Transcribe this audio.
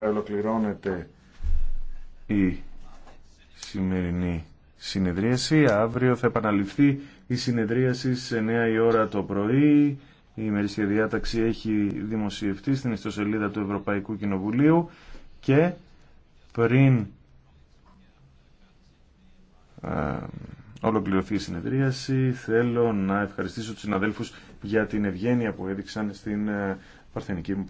Ολοκληρώνεται η σημερινή συνεδρίαση. Αύριο θα επαναληφθεί η συνεδρίαση σε 9 η ώρα το πρωί. Η ημερήσια διάταξη έχει δημοσιευτεί στην ιστοσελίδα του Ευρωπαϊκού Κοινοβουλίου και πριν ολοκληρωθεί η συνεδρίαση θέλω να ευχαριστήσω τους συναδέλφους για την ευγένεια που έδειξαν στην παρθενική μου